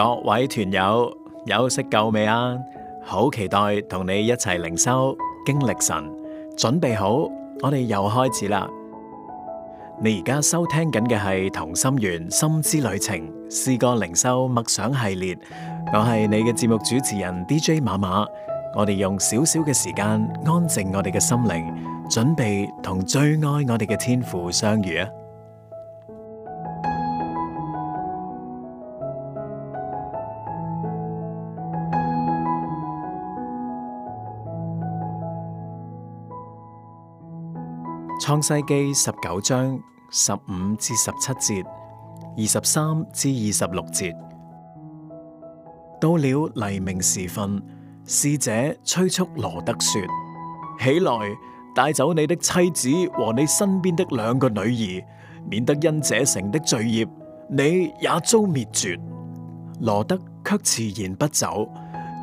各位團友，休息夠未啊？好期待同你一齊靈修，經歷神，準備好，我哋又開始啦！你而家收聽緊嘅係同心圓心之旅程詩歌靈修默想系列，我係你嘅節目主持人 DJ 馬馬，我哋用少少嘅時間安靜我哋嘅心靈，準備同最愛我哋嘅天父相遇啊！創世記十九章十五至十七節，二十三至二十六節，到了黎明時分，使者催促羅得說：起來，帶走你的妻子和你身邊的兩個女兒，免得因這城的罪孽，你也遭滅絕。羅得卻遲延不走。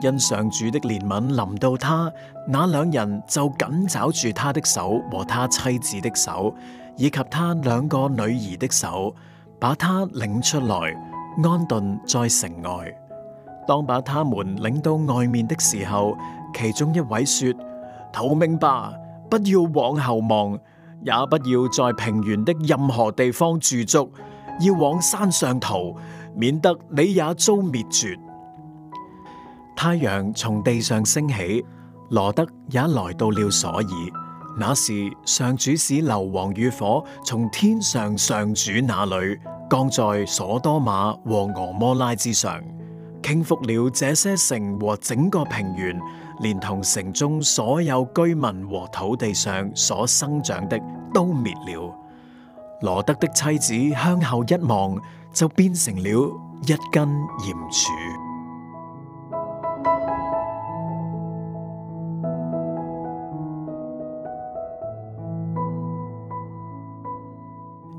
因上主的憐憫臨到他，那兩人就緊抓住他的手和他妻子的手，以及他兩個女兒的手，把他領出來，安頓在城外。當把他們領到外面的時候，其中一位說：逃命吧，不要往後望，也不要在平原的任何地方駐足，要往山上逃，免得你也遭滅絕。太陽從地上升起，羅得也來到了瑣珥，那時，上主使硫磺與火從天上上主那裏降在所多瑪和蛾摩拉之上，傾覆了這些城和整個平原，連同城中所有居民和土地上所生長的都滅了。羅得的妻子向後一望，就變成了一根鹽柱。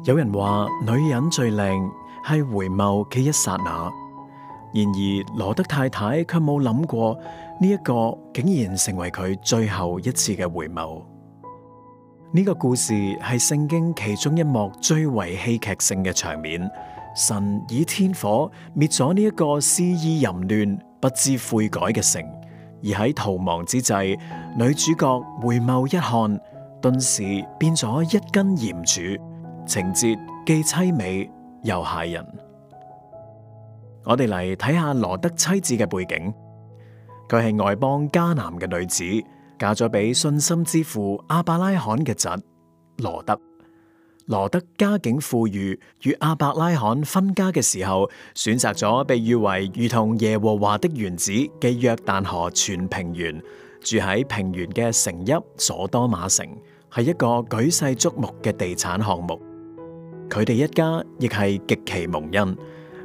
有人話女人最靚係回眸嘅一剎那，然而羅得太太卻冇諗過呢一個竟然成為佢最後一次嘅回眸。呢個故事係聖經其中一幕最為戲劇性嘅場面。神以天火滅咗呢一個肆意淫亂、不知悔改嘅城，而喺逃亡之際，女主角回眸一看，頓時變咗一根鹽柱。.情節既淒美又嚇人，我哋嚟睇下羅得妻子嘅背景。佢係外邦迦南嘅女子，嫁咗俾信心之父亞伯拉罕嘅侄羅得。羅得家境富裕，與亞伯拉罕分家嘅時候，選擇咗被譽為如同耶和華的園子嘅約旦河全平原，住喺平原嘅城邑所多瑪城，係一個舉世矚目嘅地產項目。佢哋一家亦係極其蒙恩，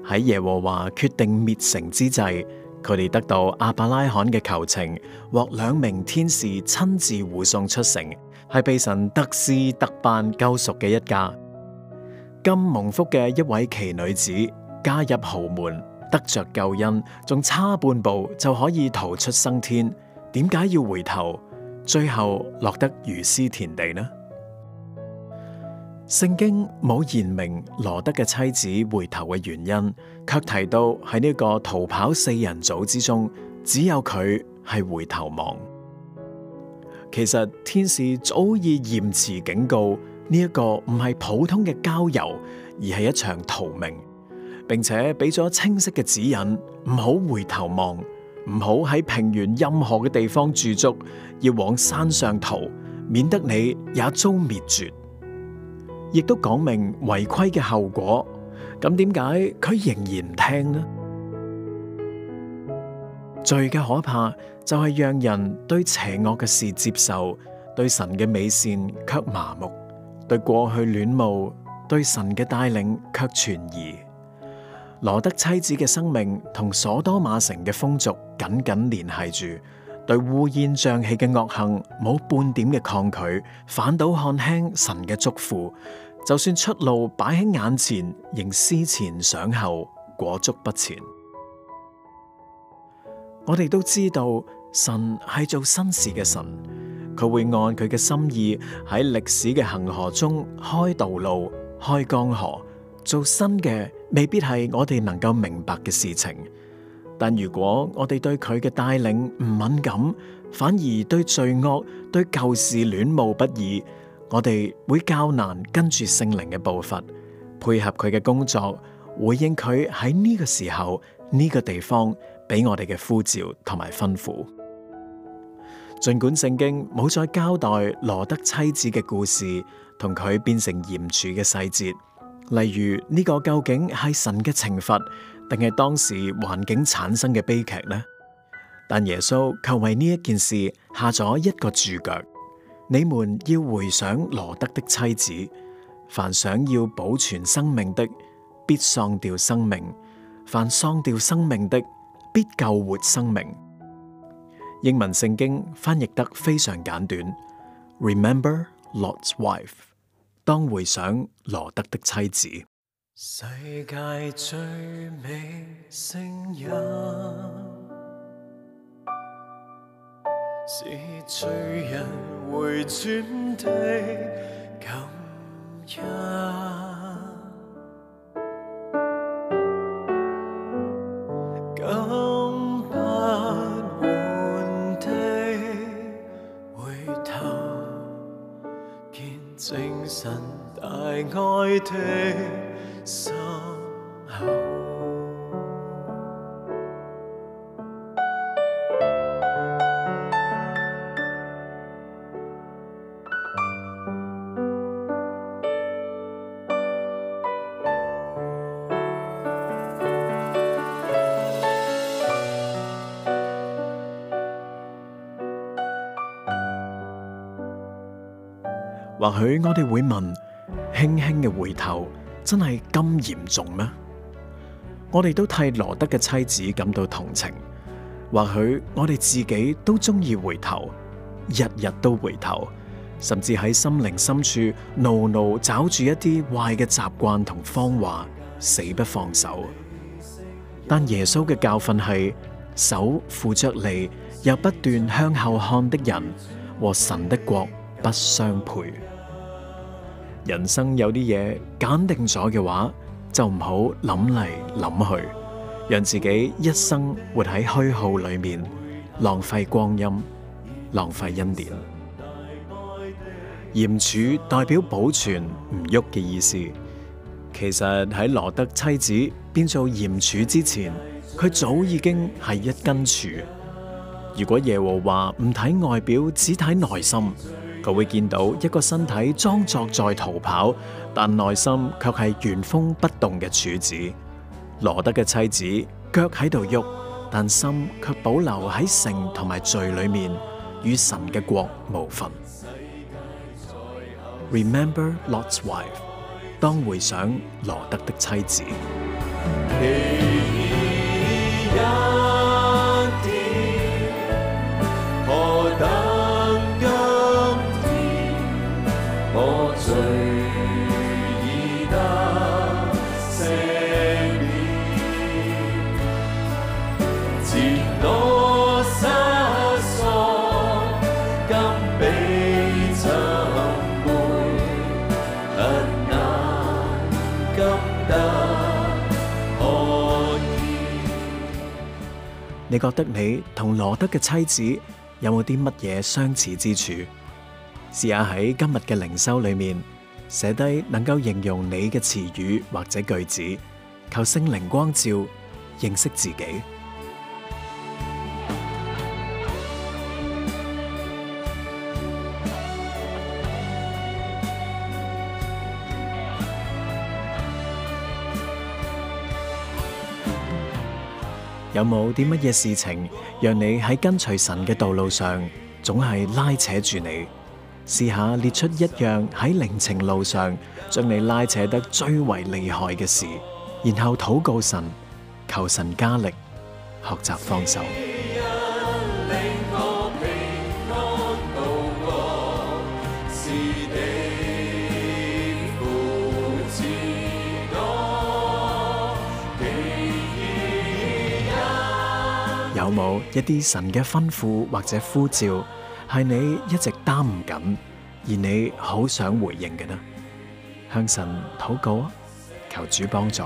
喺耶和華決定滅城之際，佢哋得到亞伯拉罕嘅求情，獲兩名天使親自護送出城，係被神特事特辦救贖嘅一家。咁蒙福嘅一位奇女子加入豪門，得着救恩，仲差半步就可以逃出生天，點解要回頭，最後落得如斯田地呢？聖經冇言明羅得嘅妻子回頭嘅原因，卻提到喺呢個逃跑四人組之中，只有佢係回頭望。其實天使早已嚴詞警告，呢一個唔係普通嘅郊遊，而係一場逃命，並且俾咗清晰嘅指引，唔好回頭望，唔好喺平原任何嘅地方駐足，要往山上逃，免得你也遭滅絕。亦都講明違規嘅後果，咁點解佢仍然唔聽呢？罪嘅可怕就係讓人對邪惡嘅事接受，對神嘅美善卻麻木，對過去戀慕，對神嘅帶領卻存疑。羅德妻子嘅生命同所多瑪城嘅風俗緊緊聯繫住。對烏煙瘴氣嘅惡行冇半點嘅抗拒，反倒看輕神嘅祝福，就算出路擺喺眼前，仍思前想後，裹足不前。 我哋都知道神係做新事嘅神，佢會按佢嘅心意喺歷史嘅恒河中開道路、開江河，做新嘅未必係我哋能夠明白嘅事情。但如果我哋對佢嘅帶領唔敏感，反而對罪惡、對舊事戀慕不已，我哋會較難跟住聖靈嘅步伐，配合佢嘅工作，回應佢喺呢個時候、呢個地方俾我哋嘅呼召同埋吩咐。盡管聖經冇再交代羅得妻子嘅故事同佢變成鹽柱嘅細節，例如呢個究竟係神嘅懲罰？定係當時環境產生嘅悲劇呢？但耶穌卻為呢一件事下咗一個注腳：你們要回想羅得的妻子。凡想要保存生命的，必喪掉生命；凡喪掉生命的，必救活生命。英文聖經翻譯得非常簡短：Remember Lot's wife。當回想羅得的妻子。世界最美聲音，是催人回轉的感恩。當不滿的回頭，見證神大愛的。或許我哋會問：輕輕嘅回頭真係咁嚴重咩？我哋都替羅德嘅妻子感到同情。或許我哋自己都中意回頭，日日都回頭，甚至喺心靈深處牢牢抓住一啲壞嘅習慣同謊話，死不放手。但耶穌嘅教訓係：手扶著犁又不斷向後看的人，和神的國不相配。人生有啲嘢揀定咗嘅話，就唔好諗嚟諗去，讓自己一生活喺虛耗裏面，浪費光陰，浪費恩典。鹽 柱代表保存唔喐嘅意思，其實喺羅德妻子變做鹽柱之前，佢早已經係一根柱。如果耶和華唔睇外表，只睇內心。佢會見到一個身體裝作在逃跑，但內心卻係原封不動嘅柱子。羅德嘅妻子腳喺度喐，但心卻保留喺城同埋罪裏面，與神嘅國無分。Remember Lot's wife，當回想羅德的妻子。你覺得你同羅德嘅妻子有冇啲乜嘢相似之處？試下喺今日嘅靈修裏面寫低能夠形容你嘅詞語或者句子，求聖靈光照，認識自己。有冇啲乜嘢事情，讓你喺跟隨神嘅道路上，總係拉扯住你？試下列出一樣喺靈程路上將你拉扯得最為厲害嘅事，然後禱告神，求神加力，學習放手。冇一啲神嘅吩咐或者呼召，係你一直耽誤緊，而你好想回應嘅呢？向神禱告啊，求主幫助。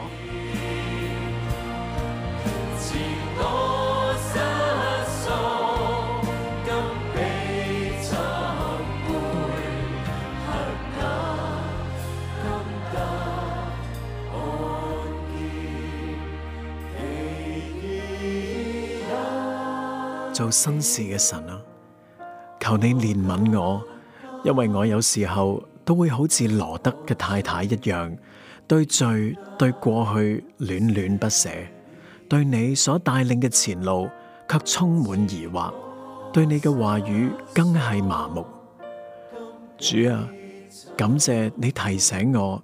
做新事嘅神啊，求你憐憫我，因為我有時候都會好似羅得嘅太太一樣，對罪、對過去戀戀不捨，對你所帶領嘅前路卻充滿疑惑，對你嘅話語更係麻木。主啊，感謝你提醒我，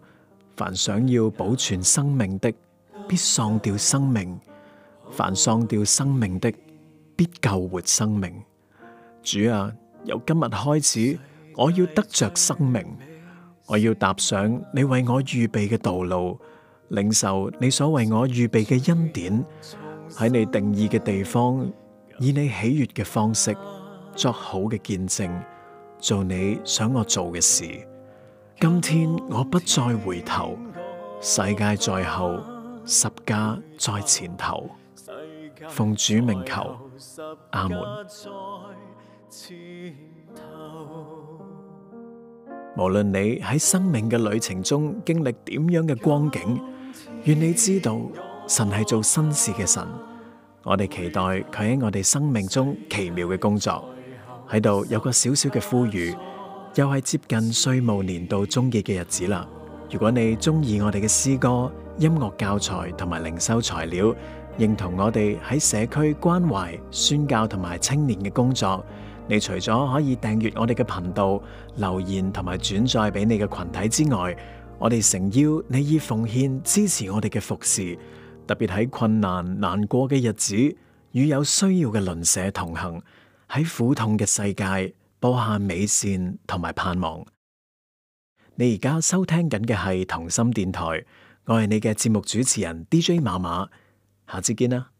凡想要保存生命的，必喪掉生命；凡喪掉生命的，必救活生命，主啊！由今日開始，我要得着生命，我要踏上你為我預備嘅道路，領受你所為我預備嘅恩典，喺你定意嘅地方，以你喜悅嘅方式作好嘅見證，做你想我做嘅事。今天我不再回頭，世界在後，十架在前頭，奉主名求。阿門。無論你喺生命嘅旅程中經歷點樣嘅光景，願你知道神係做新事嘅神。我哋期待佢喺我哋生命中奇妙嘅工作。喺度有個小小嘅呼籲，又係接近稅務年度終結嘅日子啦。如果你中意我哋嘅詩歌、音樂教材同埋靈修材料，認同我哋喺社區關懷、宣教同埋青年嘅工作，你除咗可以訂閱我哋嘅頻道、留言同埋轉載俾你嘅群體之外，我哋誠邀你以奉獻支持我哋嘅服侍，特別喺困難難過嘅日子，與有需要嘅鄰舍同行，喺苦痛嘅世界播下美善同埋盼望。你而家收聽緊嘅係同心電台，我係你嘅節目主持人 DJ 馬馬。下次見啦。